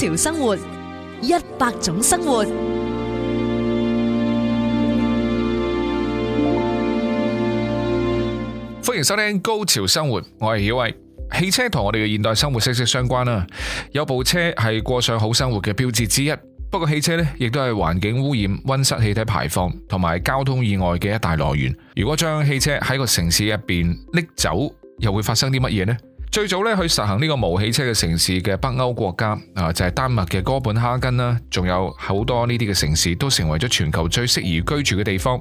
潮生活，一百種生活。歡迎收聽《高潮生活》，我係曉慧。汽車同我哋嘅現代生活息息相關啦，有部車係過上好生活嘅標誌之一。不過汽車呢，亦都係環境污染、溫室氣體排放同埋交通意外嘅一大來源。如果將汽車喺個城市入邊拎走，又會發生啲乜嘢呢？最早咧去實行呢個無汽車嘅城市嘅北歐國家啊，就係、是、丹麥嘅哥本哈根啦，仲有好多呢啲嘅城市都成為咗全球最適宜居住嘅地方。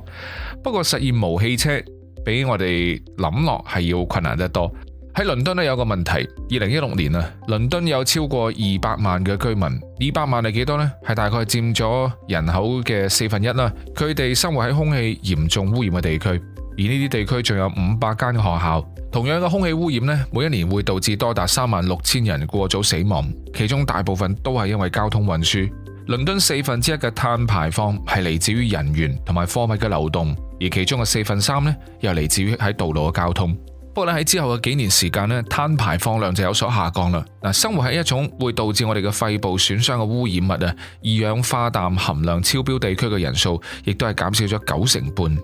不過實現無汽車比我哋諗落係要困難得多。喺倫敦咧有個問題，二零一六年啊，倫敦有超過二百萬嘅居民，二百萬係幾多呢？係大概佔咗人口嘅四分一啦。佢哋生活喺空氣嚴重污染嘅地區。而呢啲地區仲有五百間嘅學校，同樣嘅空氣污染呢，每一年會導致多達三萬六千人過早死亡，其中大部分都係因為交通運輸。倫敦四分之一嘅碳排放係嚟自於人員同埋貨物嘅流動，而其中嘅四分三呢，又嚟自於喺道路嘅交通。不過喺之後嘅幾年時間呢，碳排放量就有所下降啦。嗱，生活係一種會導致我哋嘅肺部損傷嘅污染物啊，二氧化氮含量超標地區嘅人數，亦都係減少咗九成半。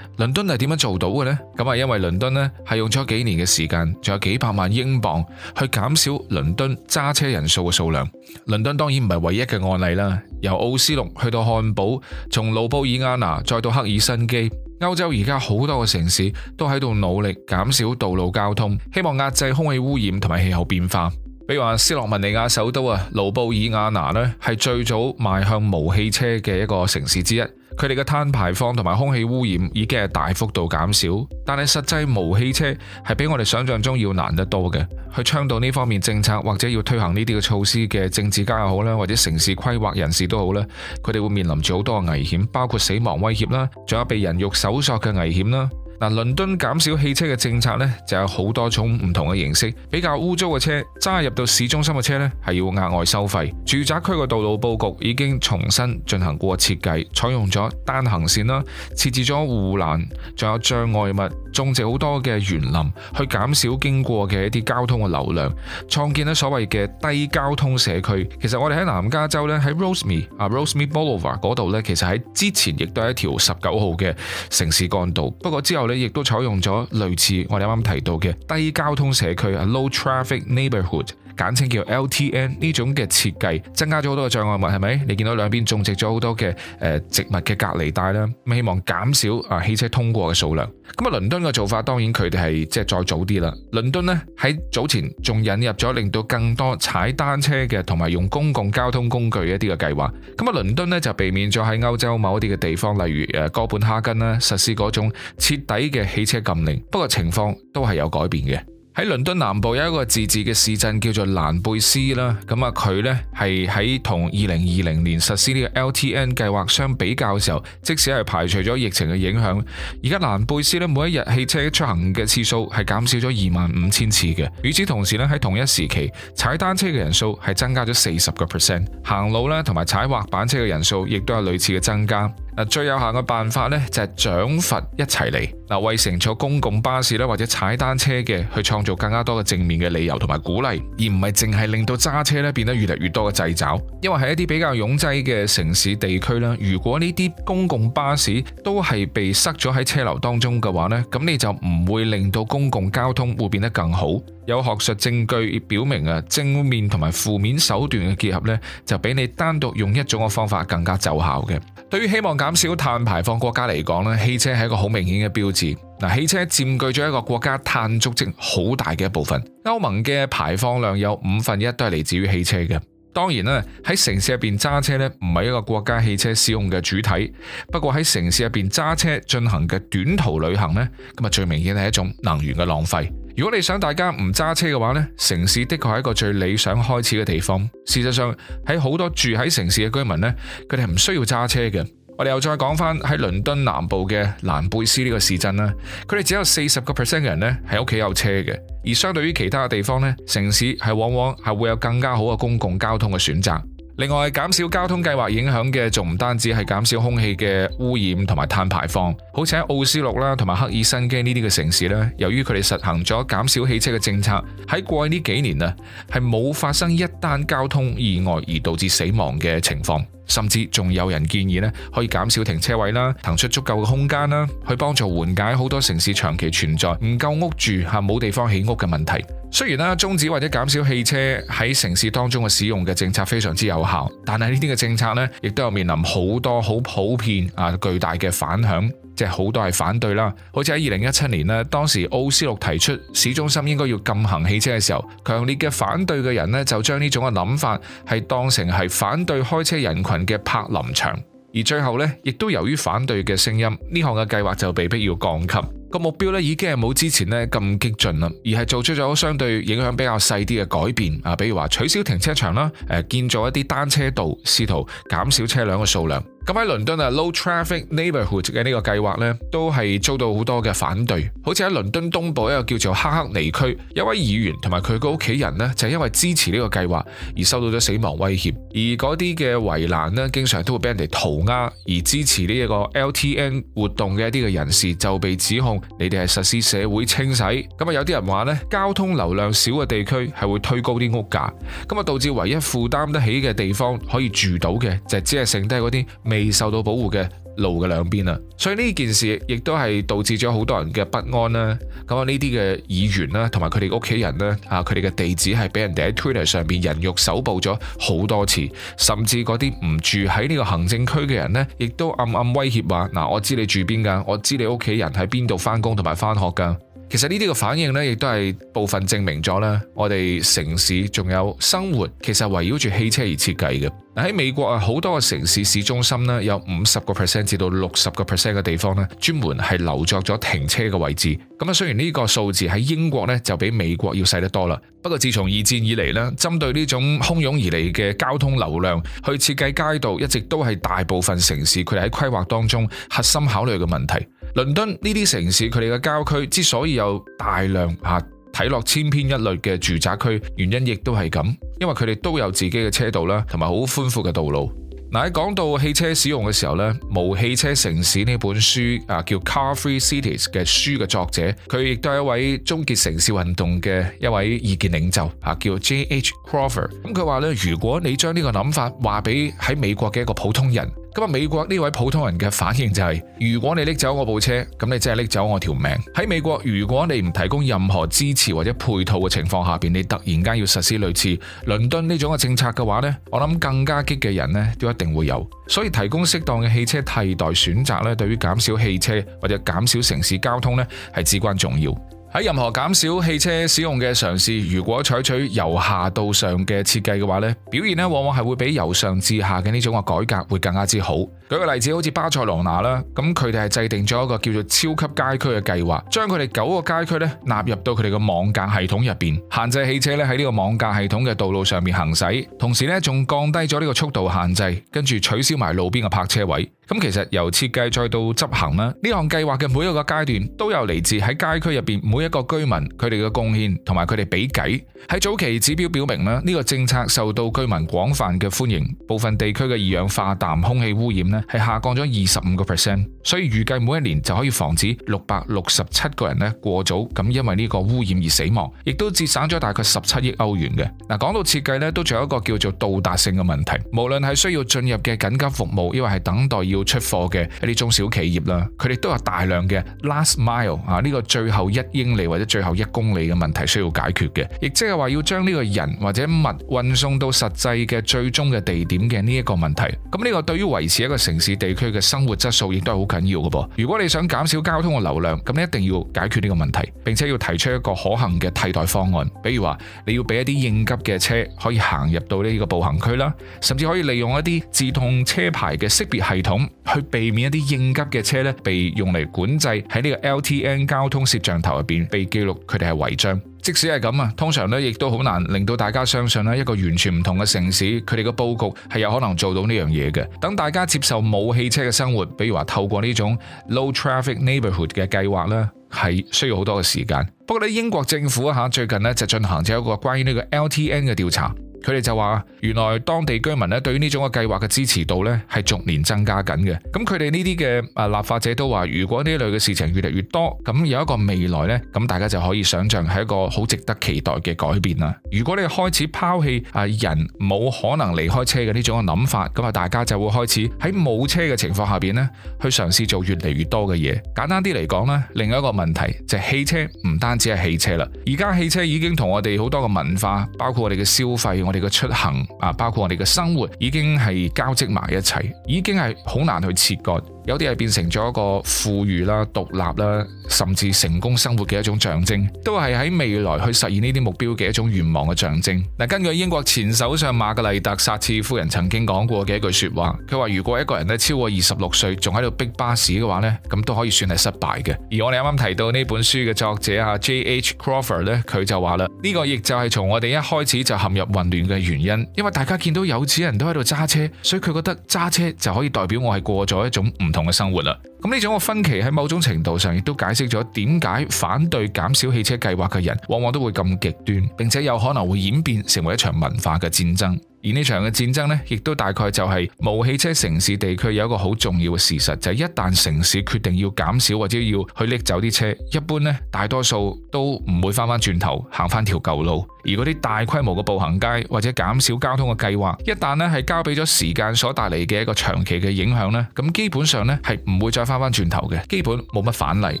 倫敦係點樣做到嘅呢？咁啊，因為倫敦咧係用咗幾年嘅時間，仲有幾百萬英鎊去減少倫敦揸車人數嘅數量。倫敦當然唔係唯一嘅案例啦，由奧斯陸去到漢堡，從盧布爾安納再到克爾辛基。歐洲而家好多個城市都喺度努力減少道路交通，希望壓制空氣污染同埋氣候變化。比如話斯洛文尼亞首都啊盧布爾雅那咧，係最早邁向無汽車嘅一個城市之一。佢哋嘅碳排放同埋空氣污染已經係大幅度減少。但係實際無汽車係比我哋想象中要難得多嘅。去倡導呢方面政策，或者要推行呢啲嘅措施嘅政治家又好啦，或者城市規劃人士都好啦，佢哋會面臨住好多嘅危險，包括死亡威脅啦，仲有被人肉搜索嘅危險啦。嗱，倫敦減少汽車嘅政策呢，就有好多種唔同嘅形式。比較污糟嘅車揸入到市中心嘅車呢，係要額外收費。住宅區嘅道路布局已經重新進行過設計，採用咗單行線啦，設置咗護欄，仲有障礙物。種植好多嘅園林，去減少經過嘅一啲交通嘅流量，創建咧所謂嘅低交通社區。其實我哋喺南加州咧，喺 Roseme 啊 Roseme Boulevard 嗰度咧，其實喺之前亦都係一條十九號嘅城市幹道，不過之後呢，亦都採用咗類似我哋啱啱提到嘅低交通社區啊 （low traffic n e i g h b o r h o o d 簡稱叫 LTN 呢種嘅設計，增加咗好多嘅障礙物，係咪？你見到兩邊種植咗好多嘅誒植物嘅隔離帶啦，希望減少啊汽車通過嘅數量。咁啊，倫敦嘅做法當然佢哋係即係再早啲啦。倫敦呢喺早前仲引入咗令到更多踩單車嘅同埋用公共交通工具一啲嘅計劃。咁啊，倫敦呢，就避免咗喺歐洲某一啲嘅地方，例如誒哥本哈根啦，實施嗰種徹底嘅汽車禁令。不過情況都係有改變嘅。喺倫敦南部有一個自治嘅市鎮叫做蘭貝斯啦，咁啊佢呢係喺同二零二零年實施呢個 LTN 計劃相比較嘅時候，即使係排除咗疫情嘅影響，而家蘭貝斯呢每一日汽車出行嘅次數係減少咗二萬五千次嘅。與此同時呢，喺同一時期踩單車嘅人數係增加咗四十個 percent，行路咧同埋踩滑板車嘅人數亦都有類似嘅增加。最有效嘅辦法呢，就係獎罰一齊嚟。嗱，為乘坐公共巴士咧或者踩單車嘅去創造更加多嘅正面嘅理由同埋鼓勵，而唔係淨係令到揸車咧變得越嚟越多嘅掣肘。因為喺一啲比較擁擠嘅城市地區啦，如果呢啲公共巴士都係被塞咗喺車流當中嘅話咧，咁你就唔會令到公共交通會變得更好。有學術證據表明啊，正面同埋負面手段嘅結合呢，就比你單獨用一種嘅方法更加奏效嘅。對於希望減少碳排放國家嚟講咧，汽車係一個好明顯嘅標誌。嗱，汽車佔據咗一個國家碳足跡好大嘅一部分。歐盟嘅排放量有五分一都係嚟自於汽車嘅。當然啦，喺城市入邊揸車呢，唔係一個國家汽車使用嘅主體。不過喺城市入邊揸車進行嘅短途旅行呢，咁啊最明顯係一種能源嘅浪費。如果你想大家唔揸車嘅話呢，城市的確係一個最理想開始嘅地方。事實上，喺好多住喺城市嘅居民呢，佢哋唔需要揸車嘅。我哋又再講翻喺倫敦南部嘅蘭貝斯呢個市鎮啦，佢哋只有四十個 percent 嘅人呢喺屋企有車嘅，而相對於其他嘅地方呢，城市係往往係會有更加好嘅公共交通嘅選擇。另外，減少交通計劃影響嘅仲唔單止係減少空氣嘅污染同埋碳排放，好似喺奧斯陸啦同埋赫爾辛基呢啲嘅城市呢，由於佢哋實行咗減少汽車嘅政策，喺過去呢幾年啊係冇發生一單交通意外而導致死亡嘅情況。甚至仲有人建議咧，可以減少停車位啦，騰出足夠嘅空間啦，去幫助緩解好多城市長期存在唔夠屋住吓、冇地方起屋嘅問題。雖然啦，中止或者減少汽車喺城市當中嘅使用嘅政策非常之有效，但係呢啲嘅政策咧，亦都有面臨好多好普遍啊巨大嘅反響。即係好多係反對啦，好似喺二零一七年呢，當時奧斯陸提出市中心應該要禁行汽車嘅時候，強烈嘅反對嘅人呢，就將呢種嘅諗法係當成係反對開車人群嘅柏林牆，而最後呢，亦都由於反對嘅聲音，呢項嘅計劃就被迫要降級，個目標呢，已經係冇之前呢咁激進啦，而係做出咗相對影響比較細啲嘅改變啊，比如話取消停車場啦，誒，建造一啲單車道，試圖減少車輛嘅數量。咁喺倫敦啊，low traffic neighborhood 嘅呢個計劃呢，都係遭到好多嘅反對。好似喺倫敦東部一個叫做哈克尼區，一位議員同埋佢個屋企人呢，就係因為支持呢個計劃而收到咗死亡威脅。而嗰啲嘅圍欄呢，經常都會俾人哋塗鴉。而支持呢一個 LTN 活動嘅一啲嘅人士就被指控，你哋係實施社會清洗。咁啊，有啲人話呢，交通流量少嘅地區係會推高啲屋價，咁啊導致唯一負擔得起嘅地方可以住到嘅就只係剩低嗰啲。未受到保護嘅路嘅兩邊啊，所以呢件事亦都係導致咗好多人嘅不安啦。咁啊，呢啲嘅議員啦，同埋佢哋屋企人咧，啊，佢哋嘅地址係俾人哋喺 Twitter 上邊人肉搜爆咗好多次，甚至嗰啲唔住喺呢個行政區嘅人咧，亦都暗暗威脅話：嗱，我知你住邊噶，我知你屋企人喺邊度翻工，同埋翻學噶。其實呢啲嘅反應咧，亦都係部分證明咗咧，我哋城市仲有生活其實圍繞住汽車而設計嘅。喺美國啊，好多個城市市中心呢，有五十個 percent 至到六十個 percent 嘅地方呢，專門係留作咗停車嘅位置。咁啊，雖然呢個數字喺英國呢就比美國要細得多啦。不過自從二戰以嚟呢，針對呢種洶湧而嚟嘅交通流量去設計街道，一直都係大部分城市佢哋喺規劃當中核心考慮嘅問題。倫敦呢啲城市佢哋嘅郊區之所以有大量啊～睇落千篇一律嘅住宅區，原因亦都係咁，因為佢哋都有自己嘅車道啦，同埋好寬闊嘅道路。嗱，喺講到汽車使用嘅時候咧，《無汽車城市》呢本書啊，叫《Car Free Cities》嘅書嘅作者，佢亦都係一位終結城市運動嘅一位意見領袖啊，叫 J H Crawford。咁佢話咧，如果你將呢個諗法話俾喺美國嘅一個普通人。咁美國呢位普通人嘅反應就係，如果你拎走我部車，咁你真係拎走我條命。喺美國，如果你唔提供任何支持或者配套嘅情況下邊，你突然間要實施類似倫敦呢種嘅政策嘅話，呢，我諗更加激嘅人呢，都一定會有。所以提供適當嘅汽車替代選擇呢，對於減少汽車或者減少城市交通呢，係至關重要。喺任何減少汽車使用嘅嘗試，如果採取由下到上嘅設計嘅話呢，表現咧往往係會比由上至下嘅呢種改革會更加之好。舉個例子，好似巴塞羅那啦，咁佢哋係制定咗一個叫做超級街區嘅計劃，將佢哋九個街區呢納入到佢哋嘅網架系統入邊，限制汽車咧喺呢個網架系統嘅道路上面行駛，同時呢仲降低咗呢個速度限制，跟住取消埋路邊嘅泊車位。咁其實由設計再到執行啦，呢項計劃嘅每一個階段都有嚟自喺街區入邊每一個居民佢哋嘅貢獻同埋佢哋比計。喺早期指標表明啦，呢、呢個政策受到居民廣泛嘅歡迎，部分地區嘅二氧化氮空氣污染係下降咗二十五個 percent，所以預計每一年就可以防止六百六十七個人咧過早，咁因為呢個污染而死亡，亦都節省咗大概十七億歐元嘅。嗱，講到設計咧，都仲有一個叫做到達性嘅問題，無論係需要進入嘅緊急服務，亦或係等待要出貨嘅一啲中小企業啦，佢哋都有大量嘅 last mile 啊呢個最後一英里或者最後一公里嘅問題需要解決嘅，亦即係話要將呢個人或者物運送到實際嘅最終嘅地點嘅呢一個問題。咁、這、呢個對於維持一個。城市地區嘅生活質素亦都係好緊要嘅噃。如果你想減少交通嘅流量，咁你一定要解決呢個問題，並且要提出一個可行嘅替代方案。比如話，你要俾一啲應急嘅車可以行入到呢個步行區啦，甚至可以利用一啲自動車牌嘅識別系統，去避免一啲應急嘅車呢被用嚟管制喺呢個 LTN 交通攝像頭入邊被記錄佢哋係違章。即使係咁啊，通常咧亦都好難令到大家相信咧一個完全唔同嘅城市，佢哋嘅佈局係有可能做到呢樣嘢嘅。等大家接受冇汽車嘅生活，比如話透過呢種 low traffic neighbourhood 嘅計劃咧，係需要好多嘅時間。不過咧，英國政府啊，最近咧就進行咗一個關於呢個 LTN 嘅調查。佢哋就話：原來當地居民呢對於呢種嘅計劃嘅支持度呢係逐年增加緊嘅。咁佢哋呢啲嘅啊立法者都話：如果呢類嘅事情越嚟越多，咁有一個未來呢，咁大家就可以想象係一個好值得期待嘅改變啦。如果你開始拋棄啊人冇可能離開車嘅呢種嘅諗法，咁啊大家就會開始喺冇車嘅情況下邊呢去嘗試做越嚟越多嘅嘢。簡單啲嚟講呢，另外一個問題就係、是、汽車唔單止係汽車啦，而家汽車已經同我哋好多嘅文化，包括我哋嘅消費，你嘅出行啊，包括我哋嘅生活，已經係交織埋一齊，已經係好難去切割。有啲係變成咗一個富裕啦、獨立啦，甚至成功生活嘅一種象徵，都係喺未來去實現呢啲目標嘅一種願望嘅象徵。嗱，根據英國前首相瑪格麗特·撒切夫人曾經講過嘅一句説話，佢話：如果一個人咧，超過二十六歲仲喺度逼巴士嘅話呢，咁都可以算係失敗嘅。而我哋啱啱提到呢本書嘅作者啊 J.H.Crawford 咧，佢就話啦：呢個亦就係從我哋一開始就陷入混亂嘅原因，因為大家見到有錢人都喺度揸車，所以佢覺得揸車就可以代表我係過咗一種唔同嘅生活啦，咁呢種嘅分歧喺某種程度上亦都解釋咗點解反對減少汽車計劃嘅人，往往都會咁極端，並且有可能會演變成為一場文化嘅戰爭，而呢場嘅戰爭呢，亦都大概就係無汽車城市地區有一個好重要嘅事實，就係一旦城市決定要減少或者要去拎走啲車，一般呢，大多數都唔會翻翻轉頭行翻條舊路。而嗰啲大規模嘅步行街或者減少交通嘅計劃，一旦咧係交畀咗時間所帶嚟嘅一個長期嘅影響呢，咁基本上呢係唔會再返返轉頭嘅，基本冇乜反例。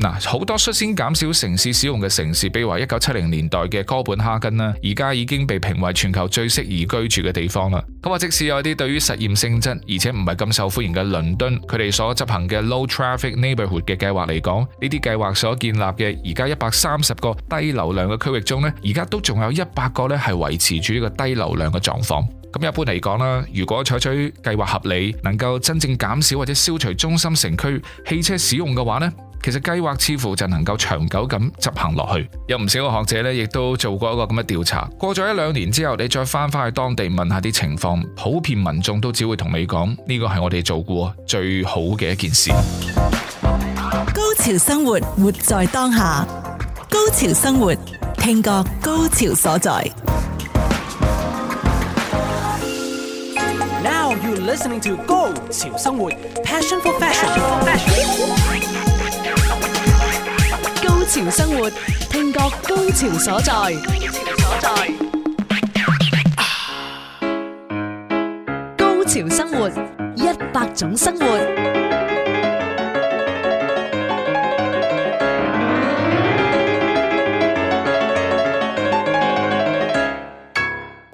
嗱，好多率先減少城市使用嘅城市，比如話一九七零年代嘅哥本哈根啦，而家已經被評為全球最適宜居住嘅地方啦。咁話，即使有啲對於實驗性質，而且唔係咁受歡迎嘅倫敦，佢哋所執行嘅 Low Traffic Neighborhood 嘅計劃嚟講，呢啲計劃所建立嘅而家一百三十個低流量嘅區域中呢，而家都仲有一百個咧係維持住呢個低流量嘅狀況。咁一般嚟講啦，如果採取計劃合理，能夠真正減少或者消除中心城區汽車使用嘅話咧。其實計劃似乎就能夠長久咁執行落去，有唔少個學者呢，亦都做過一個咁嘅調查。過咗一兩年之後，你再翻翻去當地問下啲情況，普遍民眾都只會同你講，呢個係我哋做過最好嘅一件事。高潮生活，活在當下，高潮生活聽過高潮所在。Now you listening to 高潮生活，Passion for fashion。高潮生活，聽覺高潮所在。所在啊，高潮生活，一百種生活。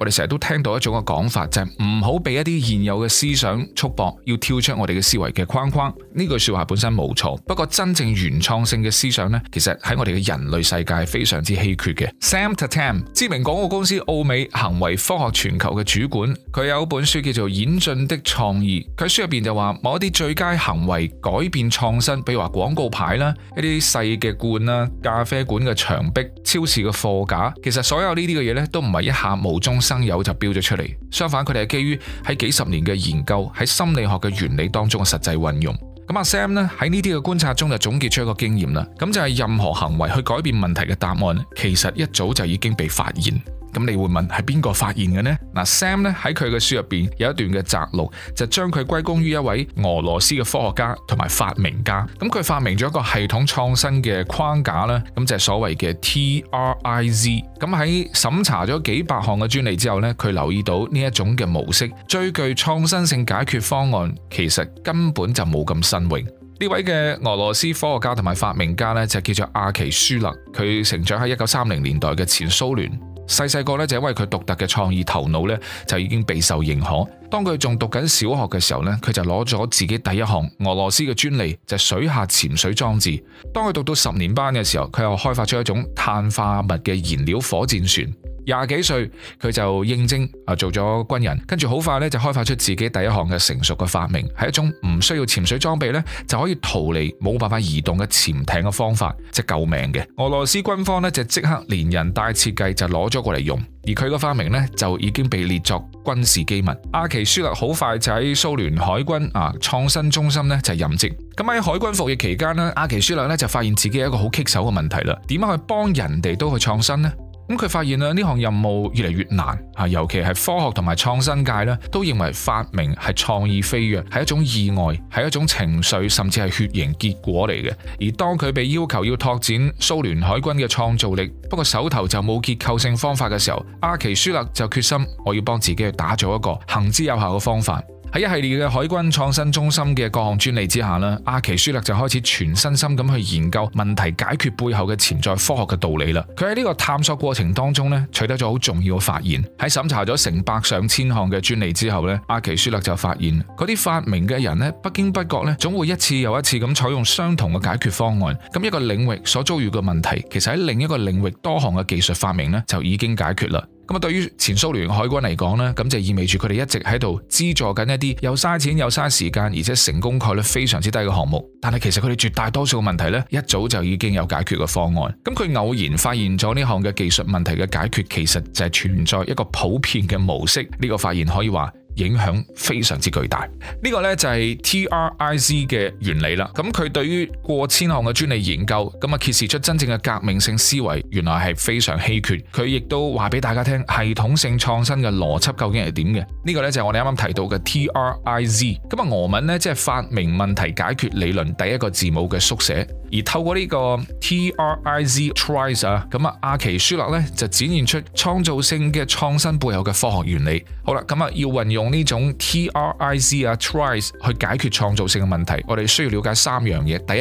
我哋成日都聽到一種嘅講法，就係唔好俾一啲現有嘅思想束縛，要跳出我哋嘅思維嘅框框。呢句説話本身冇錯，不過真正原創性嘅思想呢，其實喺我哋嘅人類世界非常之稀缺嘅。Sam Tatam，、um，知名廣告公司奧美行為科學全球嘅主管，佢有本書叫做《演進的創意》，佢書入邊就話某一啲最佳行為改變創新，比如話廣告牌啦、一啲細嘅罐啦、咖啡館嘅牆壁、超市嘅貨架，其實所有呢啲嘅嘢呢，都唔係一下無中生。有就標咗出嚟，相反佢哋係基於喺幾十年嘅研究喺心理學嘅原理當中嘅實際運用。咁阿 Sam 呢，喺呢啲嘅觀察中就總結出一個經驗啦，咁就係任何行為去改變問題嘅答案，其實一早就已經被發現。咁你會問係邊個發現嘅呢？嗱，Sam 呢喺佢嘅書入邊有一段嘅摘錄，就將佢歸功於一位俄羅斯嘅科學家同埋發明家。咁佢發明咗一個系統創新嘅框架啦，咁就係所謂嘅 TRIZ。咁喺審查咗幾百項嘅專利之後呢，佢留意到呢一種嘅模式，最具創新性解決方案，其實根本就冇咁新穎。呢位嘅俄羅斯科學家同埋發明家呢，就叫做阿奇舒勒。佢成長喺一九三零年代嘅前蘇聯。細細個咧，就因為佢獨特嘅創意頭腦咧，就已經備受認可。當佢仲讀緊小學嘅時候咧，佢就攞咗自己第一項俄羅斯嘅專利，就係水下潛水裝置。當佢讀到十年班嘅時候，佢又開發出一種碳化物嘅燃料火箭船。廿幾歲佢就應徵啊，做咗軍人，跟住好快咧就開發出自己第一項嘅成熟嘅發明，係一種唔需要潛水裝備咧就可以逃離冇辦法移動嘅潛艇嘅方法，即係救命嘅。俄羅斯軍方呢，就即刻連人帶設計就攞咗過嚟用，而佢個發明呢，就已經被列作軍事機密。阿奇舒勒好快就喺蘇聯海軍啊創新中心呢，就任職。咁喺海軍服役期間呢，阿奇舒勒呢，就發現自己有一個好棘手嘅問題啦，點樣去幫人哋都去創新呢？咁佢發現呢項任務越嚟越難啊，尤其係科學同埋創新界，呢都認為發明係創意飛躍，係一種意外，係一種情緒，甚至係血型結果嚟嘅。而當佢被要求要拓展蘇聯海軍嘅創造力，不過手頭就冇結構性方法嘅時候，阿奇舒勒就決心我要幫自己去打造一個行之有效嘅方法。喺一系列嘅海軍創新中心嘅各項專利之下呢，阿奇舒勒就開始全身心咁去研究問題解決背後嘅潛在科學嘅道理啦。佢喺呢個探索過程當中呢，取得咗好重要嘅發現。喺審查咗成百上千項嘅專利之後呢，阿奇舒勒就發現，嗰啲發明嘅人呢，不經不覺呢，總會一次又一次咁採用相同嘅解決方案。咁一個領域所遭遇嘅問題，其實喺另一個領域多項嘅技術發明呢，就已經解決啦。咁啊，對於前蘇聯海軍嚟講呢，咁就意味住佢哋一直喺度資助緊一啲又嘥錢又嘥時間，而且成功概率非常之低嘅項目。但係其實佢哋絕大多數嘅問題呢，一早就已經有解決嘅方案。咁佢偶然發現咗呢項嘅技術問題嘅解決，其實就係存在一個普遍嘅模式。呢個發現可以話。影響非常之巨大，呢個呢，就係 TRIZ 嘅原理啦。咁佢對於過千項嘅專利研究，咁啊揭示出真正嘅革命性思維，原來係非常稀缺。佢亦都話俾大家聽，系統性創新嘅邏輯究竟係點嘅？呢個呢，就係我哋啱啱提到嘅 TRIZ。咁啊俄文呢，即係發明問題解決理論第一個字母嘅縮寫，而透過呢個 TRIZ，TRIZ 啊，咁啊阿奇舒勒呢，就展現出創造性嘅創新背後嘅科學原理。好啦，咁啊要運用。用呢種 TRIZ 啊 TRIZ 去解決創造性嘅問題，我哋需要了解三樣嘢：第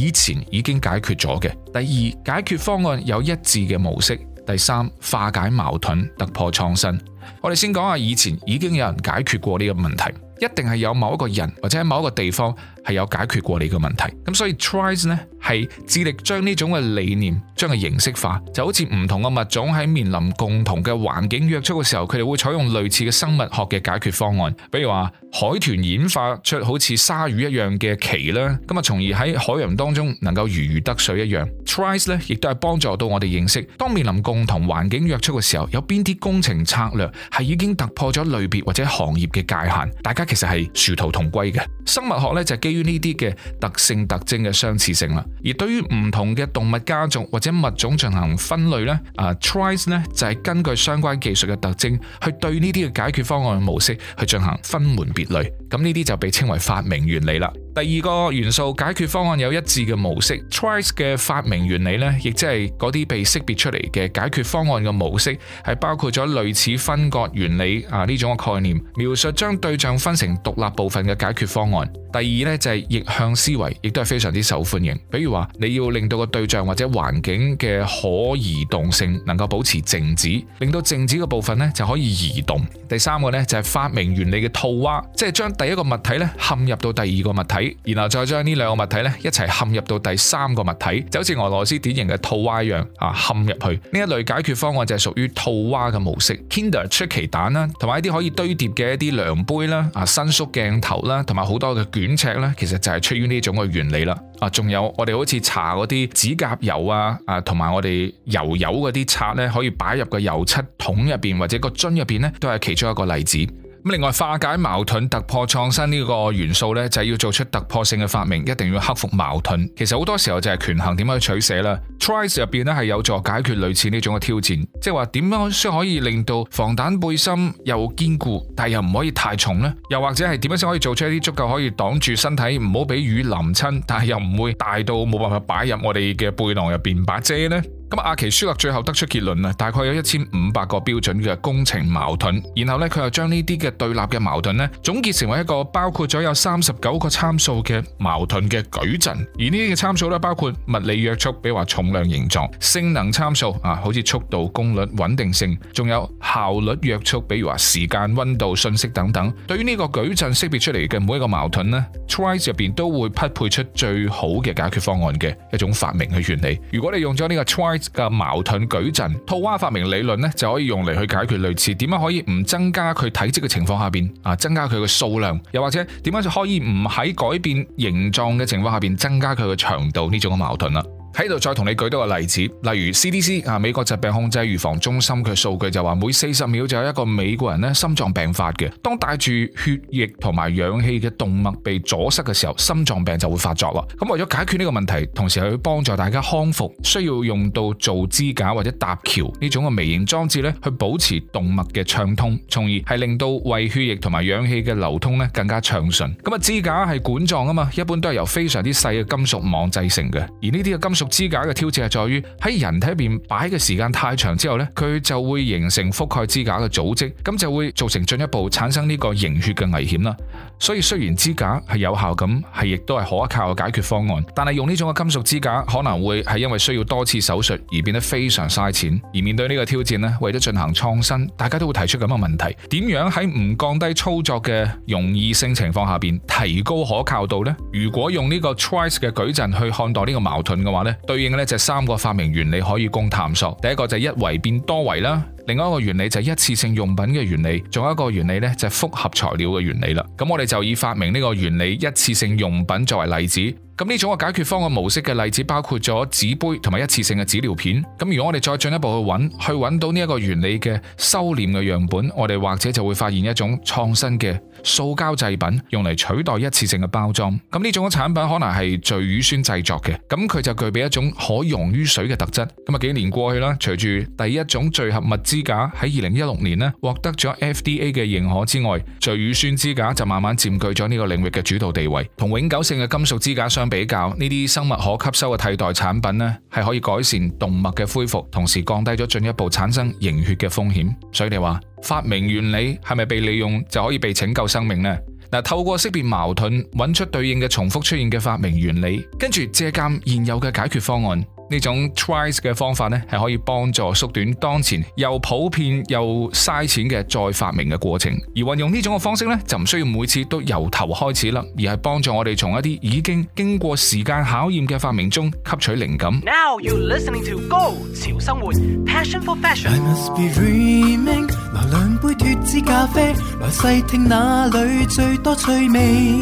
一，以前已經解決咗嘅；第二，解決方案有一致嘅模式；第三，化解矛盾、突破創新。我哋先講下以前已經有人解決過呢個問題。一定係有某一個人或者某一個地方係有解決過你嘅問題，咁所以 tries 呢係致力將呢種嘅理念將佢形式化，就好似唔同嘅物種喺面臨共同嘅環境約束嘅時候，佢哋會採用類似嘅生物學嘅解決方案，比如話海豚演化出好似鯊魚一樣嘅鰭啦，咁啊從而喺海洋當中能夠如魚得水一樣。tries 呢亦都係幫助到我哋認識，當面臨共同環境約束嘅時候，有邊啲工程策略係已經突破咗類別或者行業嘅界限，大家。其實係殊途同歸嘅，生物學咧就係、是、基於呢啲嘅特性特徵嘅相似性啦。而對於唔同嘅動物家族或者物種進行分類咧，啊 TRIZ 咧就係、是、根據相關技術嘅特徵去對呢啲嘅解決方案嘅模式去進行分門別類，咁呢啲就被稱為發明原理啦。第二個元素，解決方案有一致嘅模式。Trice 嘅發明原理呢，亦即係嗰啲被識別出嚟嘅解決方案嘅模式，係包括咗類似分割原理啊呢種嘅概念，描述將對象分成獨立部分嘅解決方案。第二咧就係逆向思維，亦都係非常之受歡迎。比如話，你要令到個對象或者環境嘅可移動性能夠保持靜止，令到靜止嘅部分咧就可以移動。第三個咧就係發明原理嘅套娃，即係將第一個物體咧嵌入到第二個物體，然後再將呢兩個物體咧一齊嵌入到第三個物體，就好似俄羅斯典型嘅套娃一樣啊，嵌入去呢一類解決方案就係屬於套娃嘅模式。Kinder 出奇蛋啦，同埋一啲可以堆疊嘅一啲量杯啦，啊伸縮鏡頭啦，同埋好多嘅短尺咧，其實就係出於呢種嘅原理啦。啊，仲有我哋好似搽嗰啲指甲油啊，啊，同埋我哋油油嗰啲刷咧，可以擺入個油漆桶入邊或者個樽入邊咧，都係其中一個例子。咁另外化解矛盾、突破創新呢個元素呢，就係、是、要做出突破性嘅發明，一定要克服矛盾。其實好多時候就係權衡點樣去取捨啦。TRIZ 入邊呢係有助解決類似呢種嘅挑戰，即係話點樣先可以令到防彈背心又堅固，但又唔可以太重呢？又或者係點樣先可以做出一啲足夠可以擋住身體，唔好俾雨淋親，但係又唔會大到冇辦法擺入我哋嘅背囊入邊把遮呢？咁阿奇舒勒最後得出結論啦，大概有一千五百個標準嘅工程矛盾，然後咧佢又將呢啲嘅對立嘅矛盾咧總結成為一個包括咗有三十九個參數嘅矛盾嘅矩陣，而呢啲嘅參數咧包括物理約束，比如話重量、形狀、性能參數啊，好似速度、功率、穩定性，仲有效率約束，比如話時間、溫度、信息等等。對於呢個矩陣識別出嚟嘅每一個矛盾咧，TRIZ 入邊都會匹配出最好嘅解決方案嘅一種發明嘅原理。如果你用咗呢個 TRIZ。嘅矛盾矩陣，套娃發明理論咧，就可以用嚟去解決類似點樣可以唔增加佢體積嘅情況下邊啊，增加佢嘅數量，又或者點樣就可以唔喺改變形狀嘅情況下邊增加佢嘅長度呢種嘅矛盾啦。喺度再同你舉多個例子，例如 CDC 啊，美國疾病控制預防中心嘅數據就話每四十秒就有一個美國人呢心臟病發嘅。當帶住血液同埋氧氣嘅動脈被阻塞嘅時候，心臟病就會發作啦。咁為咗解決呢個問題，同時去幫助大家康復，需要用到做支架或者搭橋呢種嘅微型裝置呢去保持動脈嘅暢通，從而係令到為血液同埋氧氣嘅流通呢更加暢順。咁啊，支架係管狀啊嘛，一般都係由非常之細嘅金屬網製成嘅，而呢啲嘅金屬支架嘅挑戰係在於喺人體入邊擺嘅時間太長之後咧，佢就會形成覆蓋支架嘅組織，咁就會造成進一步產生呢個凝血嘅危險啦。所以雖然支架係有效咁，係亦都係可靠嘅解決方案，但係用呢種嘅金屬支架可能會係因為需要多次手術而變得非常嘥錢。而面對呢個挑戰咧，為咗進行創新，大家都會提出咁嘅問題：點樣喺唔降低操作嘅容易性情況下邊提高可靠度呢？如果用呢個 choice 嘅矩陣去看待呢個矛盾嘅話咧？對應嘅咧就是三個發明原理可以供探索，第一個就係一維變多維啦。另外一個原理就係一次性用品嘅原理，仲有一個原理呢就係複合材料嘅原理啦。咁我哋就以發明呢個原理一次性用品作為例子。咁呢種嘅解決方案模式嘅例子包括咗紙杯同埋一次性嘅紙尿片。咁如果我哋再進一步去揾，去揾到呢一個原理嘅收斂嘅樣本，我哋或者就會發現一種創新嘅塑膠製品用嚟取代一次性嘅包裝。咁呢種嘅產品可能係聚乳酸製作嘅，咁佢就具備一種可溶於水嘅特質。咁啊幾年過去啦，隨住第一種聚合物。支架喺二零一六年呢獲得咗 FDA 嘅認可之外，聚乳酸支架就慢慢佔據咗呢個領域嘅主導地位。同永久性嘅金屬支架相比較，呢啲生物可吸收嘅替代產品呢，係可以改善動物嘅恢復，同時降低咗進一步產生凝血嘅風險。所以你話發明原理係咪被利用就可以被拯救生命呢？嗱，透過識別矛盾，揾出對應嘅重複出現嘅發明原理，跟住借鑒現有嘅解決方案。呢種 twice 嘅方法呢，係可以幫助縮短當前又普遍又嘥錢嘅再發明嘅過程，而運用呢種嘅方式呢，就唔需要每次都由頭開始啦，而係幫助我哋從一啲已經經過時間考驗嘅發明中吸取靈感。Now you're listening to go 潮生活，passion for fashion，shall us be dreaming。來兩杯脫脂咖啡，來細聽那裏最多趣味，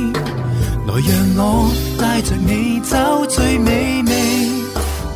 來讓我帶着你走最美味。